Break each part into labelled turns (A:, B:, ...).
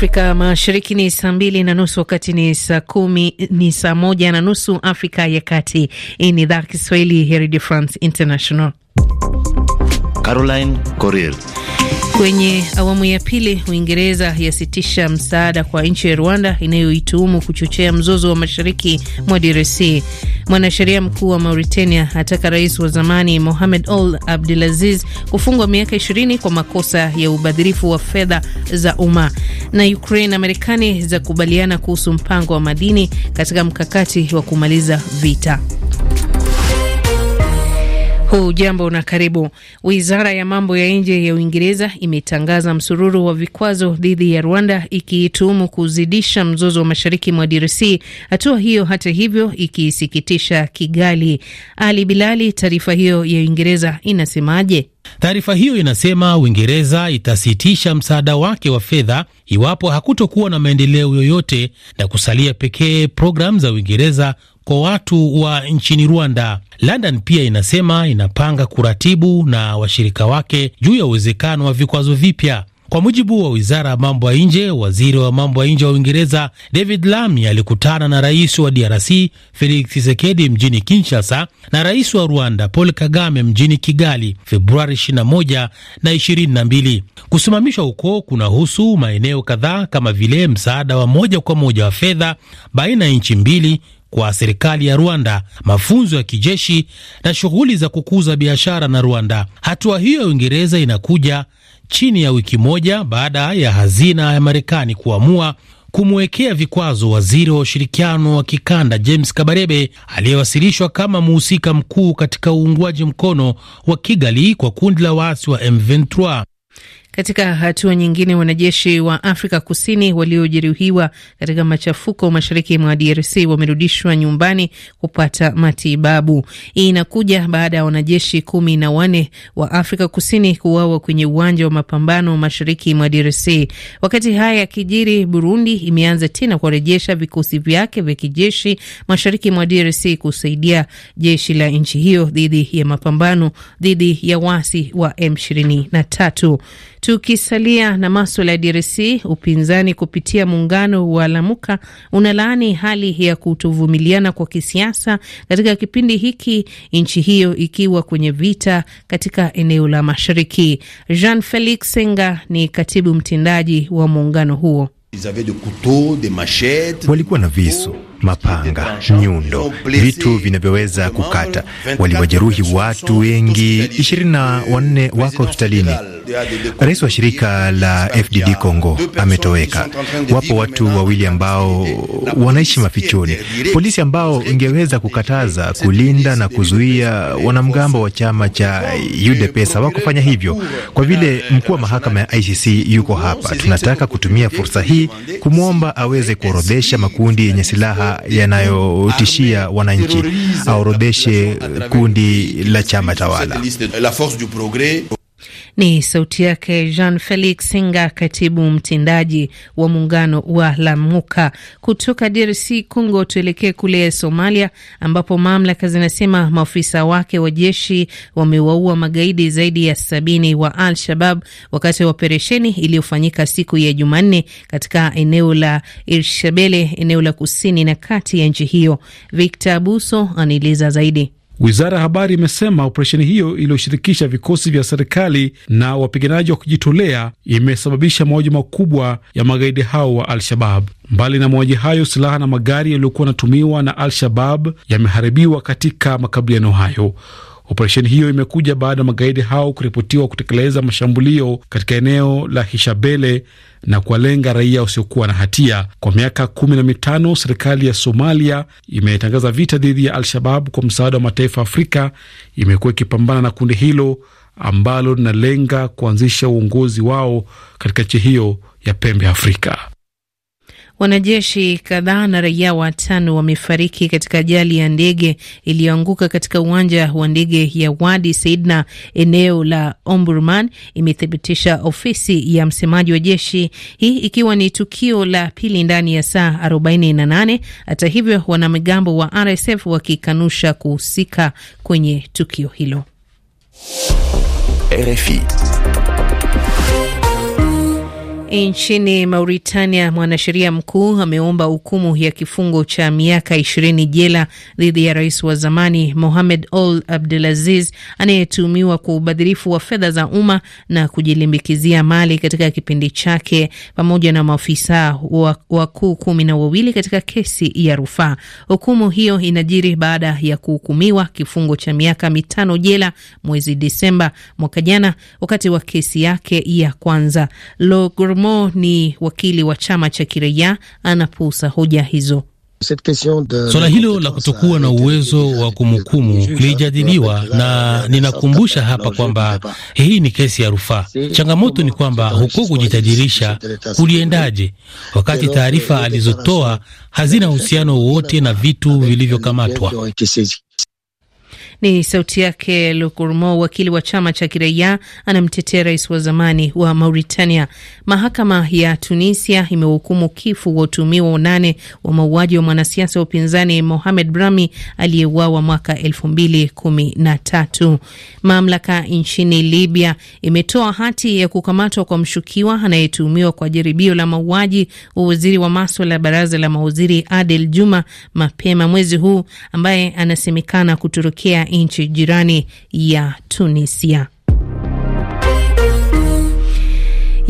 A: Afrika Mashariki ni saa mbili na nusu, wakati ni saa kumi ni saa moja na nusu Afrika ya Kati. Hii ni idhaa Kiswahili ya Redio France International.
B: Caroline Corel.
A: Kwenye awamu ya pili, Uingereza yasitisha msaada kwa nchi ya Rwanda inayoituhumu kuchochea mzozo wa mashariki mwa DRC. Mwanasheria mkuu wa Mauritania ataka rais wa zamani Mohamed Ould Abdelaziz kufungwa miaka 20 kwa makosa ya ubadhirifu wa fedha za umma. Na Ukraine na Marekani za kubaliana kuhusu mpango wa madini katika mkakati wa kumaliza vita. Hujambo na karibu. Wizara ya mambo ya nje ya Uingereza imetangaza msururu wa vikwazo dhidi ya Rwanda ikiituhumu kuzidisha mzozo wa mashariki mwa DRC, hatua hiyo hata hivyo ikisikitisha Kigali. Ali Bilali, taarifa hiyo ya Uingereza inasemaje?
B: Taarifa hiyo inasema Uingereza itasitisha msaada wake wa fedha iwapo hakutokuwa na maendeleo yoyote na kusalia pekee programu za Uingereza kwa watu wa nchini Rwanda. London pia inasema inapanga kuratibu na washirika wake juu ya uwezekano wa vikwazo vipya. Kwa mujibu wa wizara ya mambo ya nje, waziri wa mambo ya nje wa Uingereza David Lammy alikutana na rais wa DRC Felix Tshisekedi mjini Kinshasa na rais wa Rwanda Paul Kagame mjini Kigali Februari 21 na 22. Kusimamishwa huko kunahusu maeneo kadhaa kama vile msaada wa moja kwa moja wa fedha baina ya nchi mbili kwa serikali ya Rwanda, mafunzo ya kijeshi na shughuli za kukuza biashara na Rwanda. Hatua hiyo ya Uingereza inakuja chini ya wiki moja baada ya hazina ya Marekani kuamua kumwekea vikwazo waziri wa ushirikiano wa kikanda James Kabarebe aliyewasilishwa kama mhusika mkuu katika uungwaji mkono wa Kigali kwa kundi la waasi wa M23.
A: Katika hatua nyingine, wanajeshi wa Afrika Kusini waliojeruhiwa katika machafuko mashariki mwa DRC wamerudishwa nyumbani kupata matibabu. Hii inakuja baada ya wanajeshi kumi na wanne wa Afrika Kusini kuuawa kwenye uwanja wa mapambano mashariki mwa DRC. Wakati haya yakijiri, Burundi imeanza tena kuwarejesha vikosi vyake vya kijeshi mashariki mwa DRC kusaidia jeshi la nchi hiyo dhidi ya mapambano dhidi ya wasi wa M23. Tukisalia na maswala ya DRC, upinzani kupitia muungano wa Lamuka unalaani hali ya kutovumiliana kwa kisiasa katika kipindi hiki, nchi hiyo ikiwa kwenye vita katika eneo la mashariki. Jean Felix Senga ni katibu mtendaji wa muungano huo.
B: Walikuwa na visu mapanga, nyundo, vitu vinavyoweza kukata. Waliwajeruhi watu wengi, ishirini na wanne wako hospitalini. Rais wa shirika la FDD Congo ametoweka. Wapo watu wawili ambao wanaishi mafichoni. Polisi ambao ingeweza kukataza, kulinda na kuzuia wanamgambo wa chama cha UDPS hawakufanya hivyo. Kwa vile mkuu wa mahakama ya ICC yuko hapa, tunataka kutumia fursa hii kumwomba aweze kuorodhesha makundi yenye silaha yanayotishia wananchi, aorodheshe kundi la chama tawala.
A: Ni sauti yake Jean Felix Singa, katibu mtendaji wa muungano wa Lamuka. Kutoka DRC Congo tuelekee kule Somalia, ambapo mamlaka zinasema maofisa wake wa jeshi wamewaua magaidi zaidi ya sabini wa Al Shabab wakati wa operesheni iliyofanyika siku ya Jumanne katika eneo la Irshabele, eneo la kusini na kati ya nchi hiyo. Victor abuso anaeleza zaidi.
C: Wizara ya habari imesema operesheni hiyo iliyoshirikisha vikosi vya serikali na wapiganaji wa kujitolea imesababisha mauaji makubwa ya magaidi hao wa Al-Shabab. Mbali na mauaji hayo, silaha na magari yaliyokuwa yanatumiwa na Al-Shabab yameharibiwa katika makabiliano hayo. Operesheni hiyo imekuja baada ya magaidi hao kuripotiwa kutekeleza mashambulio katika eneo la Hishabele na kuwalenga raia wasiokuwa na hatia. Kwa miaka kumi na mitano serikali ya Somalia imetangaza vita dhidi ya Al-Shabab kwa msaada wa mataifa ya Afrika. Imekuwa ikipambana na kundi hilo ambalo linalenga kuanzisha uongozi wao katika nchi hiyo ya pembe Afrika.
A: Wanajeshi kadhaa na raia watano wamefariki katika ajali ya ndege iliyoanguka katika uwanja wa ndege ya Wadi Seidna eneo la omburman imethibitisha ofisi ya msemaji wa jeshi, hii ikiwa ni tukio la pili ndani ya saa 48. Hata hivyo, wanamgambo wa RSF wakikanusha kuhusika kwenye tukio hilo. RFI. Nchini Mauritania, mwanasheria mkuu ameomba hukumu ya kifungo cha miaka ishirini jela dhidi ya rais wa zamani Mohamed Ould Abdelaziz anayetuhumiwa kwa ubadhirifu wa fedha za umma na kujilimbikizia mali katika kipindi chake pamoja na maafisa wakuu kumi na wawili katika kesi ya rufaa. Hukumu hiyo inajiri baada ya kuhukumiwa kifungo cha miaka mitano jela mwezi disemba mwaka jana wakati wa kesi yake ya kwanza Logrum Cormo ni wakili wa chama cha kiraia anapuusa hoja hizo.
B: Swala hilo la kutokuwa na uwezo wa kumhukumu lilijadiliwa, na ninakumbusha hapa kwamba hii ni kesi ya rufaa. Changamoto ni kwamba huko kujitajirisha kuliendaje, wakati taarifa alizotoa hazina uhusiano wowote na vitu vilivyokamatwa.
A: Ni sauti yake Lukurmo, wakili wa chama cha kiraia anamtetea rais wa zamani wa Mauritania. Mahakama ya Tunisia imehukumu wa watuhumiwa wanane wa mauaji wa mwanasiasa wa upinzani Mohamed Brahmi aliyeuawa mwaka elfu mbili kumi na tatu. Mamlaka nchini Libya imetoa hati ya kukamatwa kwa mshukiwa anayetuhumiwa kwa jaribio la mauaji wa waziri wa maswala ya baraza la mawaziri Adel Juma mapema mwezi huu ambaye anasemekana kutorokea nchi jirani ya Tunisia.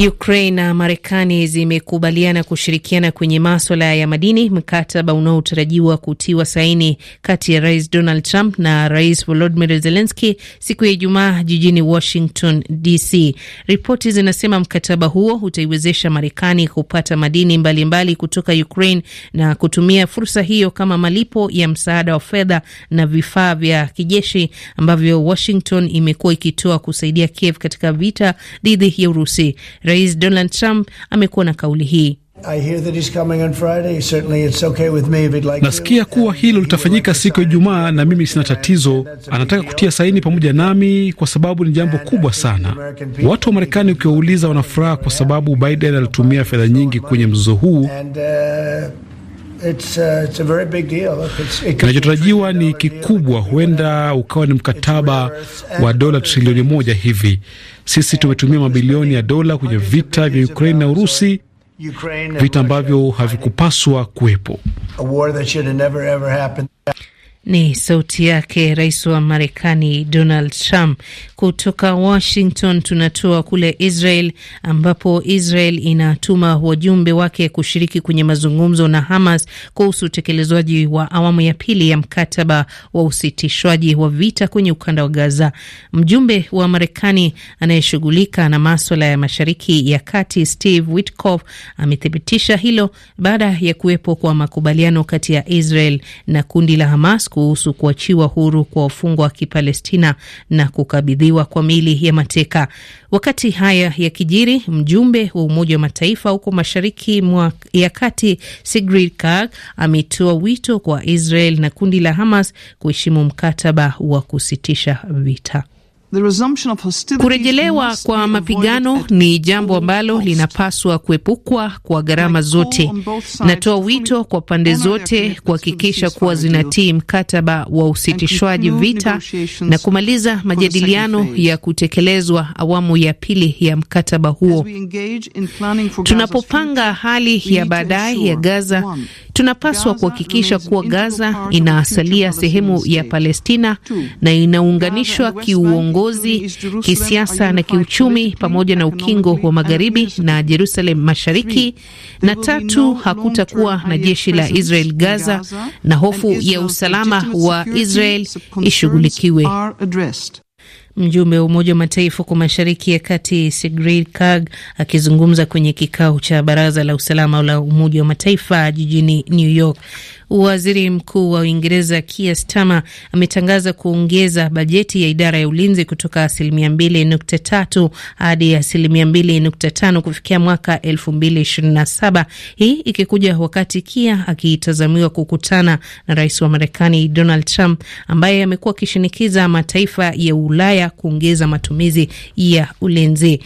A: Ukraine na Marekani zimekubaliana kushirikiana kwenye maswala ya madini, mkataba unaotarajiwa kutiwa saini kati ya Rais Donald Trump na Rais Volodymyr Zelensky siku ya Ijumaa jijini Washington DC. Ripoti zinasema mkataba huo utaiwezesha Marekani kupata madini mbalimbali mbali kutoka Ukraine na kutumia fursa hiyo kama malipo ya msaada wa fedha na vifaa vya kijeshi ambavyo Washington imekuwa ikitoa kusaidia Kiev katika vita dhidi ya Urusi. Rais Donald Trump amekuwa na kauli hii.
C: Nasikia kuwa hilo litafanyika siku ya Ijumaa na mimi sina tatizo. Anataka kutia saini pamoja nami kwa sababu ni jambo kubwa sana. Watu wa Marekani ukiwauliza, wanafuraha kwa sababu Biden alitumia fedha nyingi kwenye mzozo huu and,
B: uh, Uh,
C: kinachotarajiwa ni kikubwa, huenda ukawa ni mkataba wa dola trilioni moja hivi. Sisi tumetumia mabilioni ya dola kwenye vita vya Ukraini na Urusi, vita ambavyo havikupaswa kuwepo.
A: Ni sauti yake rais wa Marekani Donald Trump. Kutoka Washington tunatoa kule Israel, ambapo Israel inatuma wajumbe wake kushiriki kwenye mazungumzo na Hamas kuhusu utekelezwaji wa awamu ya pili ya mkataba wa usitishwaji wa vita kwenye ukanda wa Gaza. Mjumbe wa Marekani anayeshughulika na maswala ya mashariki ya kati Steve Witkoff amethibitisha hilo baada ya kuwepo kwa makubaliano kati ya Israel na kundi la Hamas kuhusu kuachiwa huru kwa wafungwa wa Kipalestina na kukabidhiwa kwa mili ya mateka. Wakati haya yakijiri, mjumbe wa Umoja wa Mataifa huko Mashariki mwa ya Kati Sigrid Kaag ametoa wito kwa Israel na kundi la Hamas kuheshimu mkataba wa kusitisha vita. Kurejelewa kwa mapigano ni jambo ambalo linapaswa kuepukwa kwa gharama zote. Natoa wito kwa pande zote kuhakikisha kuwa zinatii mkataba wa usitishwaji vita na kumaliza majadiliano ya kutekelezwa awamu ya pili ya mkataba huo. Tunapopanga hali ya baadaye ya Gaza, tunapaswa kuhakikisha kuwa Gaza inaasalia sehemu ya Palestina na inaunganishwa kiuongo uongozi, kisiasa na kiuchumi, pamoja na ukingo wa magharibi na Jerusalem mashariki, na tatu, hakutakuwa na jeshi la Israel Gaza, na hofu ya usalama wa Israel ishughulikiwe. Mjumbe wa Umoja wa Mataifa kwa Mashariki ya Kati Sigrid Kaag akizungumza kwenye kikao cha Baraza la Usalama la Umoja wa Mataifa jijini New York. Waziri Mkuu wa Uingereza Keir Starmer ametangaza kuongeza bajeti ya idara ya ulinzi kutoka asilimia mbili nukta tatu hadi asilimia mbili nukta tano kufikia mwaka elfu mbili ishirini na saba. Hii ikikuja wakati Keir akitazamiwa kukutana na rais wa Marekani Donald Trump ambaye amekuwa akishinikiza mataifa ya Ulaya kuongeza matumizi ya ulinzi.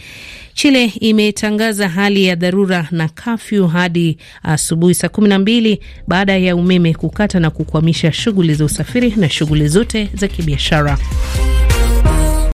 A: Chile imetangaza hali ya dharura na kafyu hadi asubuhi saa kumi na mbili baada ya ume umeme kukata na kukwamisha shughuli za usafiri na shughuli zote za kibiashara.